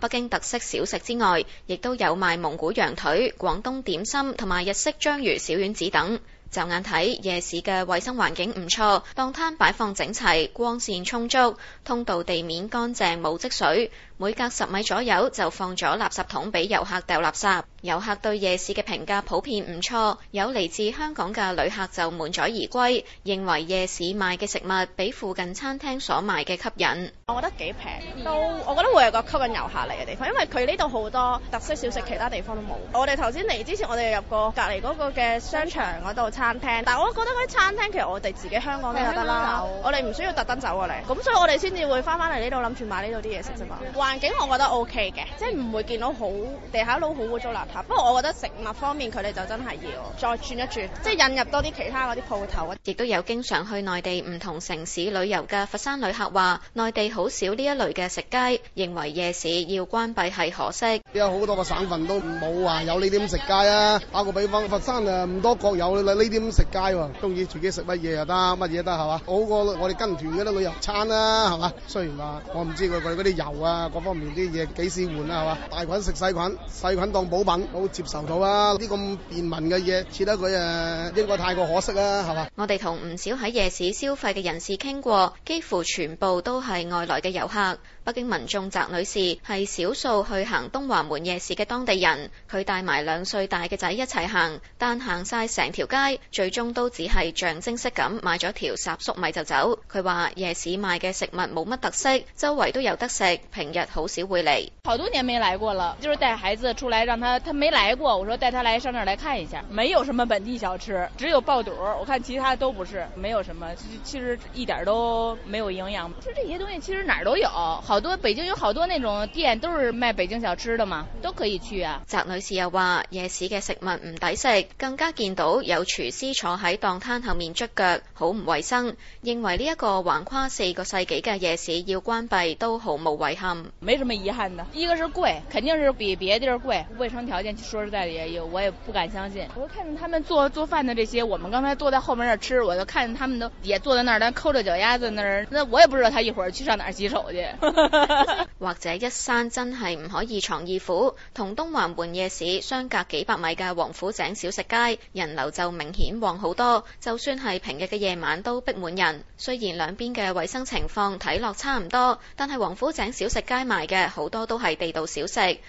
北京特色小食之外，亦都有賣蒙古羊腿、廣東點心同埋日式章魚小丸子等。就眼睇夜市嘅衛生環境唔錯，檔攤擺放整齊，光線充足，通道地面乾淨冇積水，每隔十米左右就放咗垃圾桶俾遊客丟垃圾。遊客對夜市嘅評價普遍唔錯，有嚟自香港嘅旅客就滿載而歸，認為夜市賣嘅食物比附近餐廳所賣嘅吸引。我覺得幾平，都、嗯、我覺得會係個吸引遊客嚟嘅地方，因為佢呢度好多特色小食，其他地方都冇、嗯。我哋頭先嚟之前，我哋入過隔籬嗰個嘅商場嗰度、嗯、餐廳，但係我覺得嗰啲餐廳其實我哋自己香港都有得啦，我哋唔需要特登走過嚟。咁、嗯、所以我哋先至會翻翻嚟呢度諗住買呢度啲嘢食啫嘛、嗯。環境我覺得 OK 嘅，即係唔會見到好地下佬好污糟啦。不過我覺得食物方面佢哋就真係要再轉一轉，即係引入多啲其他嗰啲鋪頭。亦都有經常去內地唔同城市旅遊嘅佛山旅客話，內地好少呢一類嘅食街，認為夜市要關閉係可惜。有好多個省份都冇話有呢啲咁食街啊！打個比方，佛山誒唔多國有啦呢啲咁食街喎、啊，中意自己食乜嘢又得，乜嘢得係嘛？好過我哋跟團嗰啲旅遊餐啊。係嘛？雖然話、啊、我唔知佢佢嗰啲油啊，各方面啲嘢幾時換啊，係嘛？大菌食細菌，細菌當補品。冇接受到啊！啲咁便民嘅嘢，似得佢誒，應該太過可惜啦，係嘛？我哋同唔少喺夜市消費嘅人士傾過，幾乎全部都係外來嘅遊客。北京民眾翟女士係少數去行東華門夜市嘅當地人，佢帶埋兩歲大嘅仔一齊行，但行晒成條街，最終都只係象徵式咁買咗條雜粟米就走。佢話夜市賣嘅食物冇乜特色，周圍都有得食，平日好少會嚟。好多年沒來過了，就是帶孩子出來，讓他。他沒來過，我說帶他來上那兒來看一下，沒有什麼本地小吃，只有爆肚。我看其他都不是，沒有什麼，其實一點都沒有營養。就這些東西其實哪兒都有，好多北京有好多那種店都是賣北京小吃的嘛，都可以去啊。翟女士又話夜市嘅食物唔抵食，更加見到有廚師坐喺檔攤後面捽腳，好唔衛生。認為呢一個橫跨四個世紀嘅夜市要關閉都毫無遺憾。沒什麼遺憾的，一個是貴，肯定是比別地兒貴，衛生條件。說實在的，也也我也不敢相信。我就看他們做做飯的這些，我們剛才坐在後面那吃，我就看他們都也坐在那兒，但摳着腳丫子那兒，那我也不知道他一會兒去上哪兒洗手去。 或者一山真係唔可以藏二虎，同東華門夜市相隔幾百米嘅王府井小食街，人流就明顯旺好多。就算係平日嘅夜晚都逼滿人。雖然兩邊嘅衛生情況睇落差唔多，但係王府井小食街賣嘅好多都係地道小食，例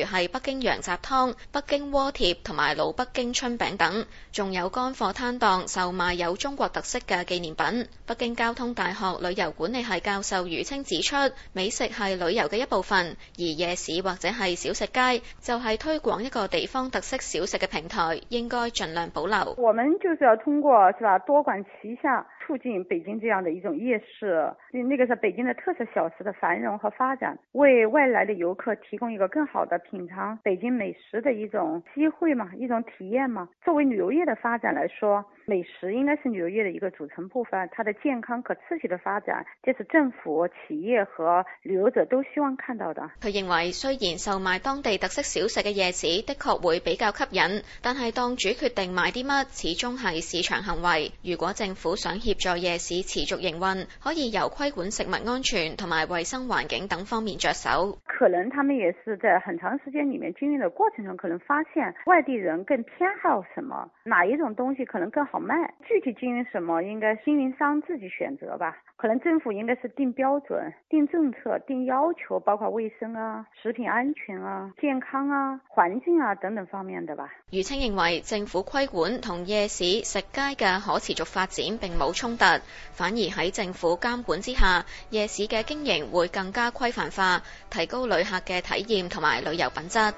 如係北京羊雜湯。北京鍋貼同埋老北京春餅等，仲有乾貨攤檔售賣有中國特色嘅紀念品。北京交通大學旅遊管理系教授余清指出，美食係旅遊嘅一部分，而夜市或者係小食街就係、是、推廣一個地方特色小食嘅平台，應該盡量保留。我們就是要通過是吧，多管齊下，促進北京這樣的一種夜市，那個是北京的特色小食的繁榮和發展，為外來的遊客提供一個更好的品嘗北京美食。值得一種機會嘛，一種體驗嘛。作為旅遊業的發展來說，美食應該是旅遊業的一個組成部分。它的健康可持續的發展，這是政府、企業和旅遊者都希望看到的。佢認為，雖然售賣當地特色小食嘅夜市的確會比較吸引，但係檔主決定賣啲乜，始終係市場行為，如果政府想協助夜市持續營運，可以由規管食物安全同埋衛生環境等方面着手。可能他們也是在很長時間裏面經營的過程。可能發現外地人更偏好什麼，哪一種東西可能更好賣？具體經營什麼，應該運營商自己選擇吧。可能政府應該是定標準、定政策、定要求，包括衛生啊、食品安全啊、健康啊、環境啊等等方面的吧。余清認為，政府規管同夜市食街嘅可持續發展並冇衝突，反而喺政府監管之下，夜市嘅經營會更加規範化，提高旅客嘅體驗同埋旅遊品質。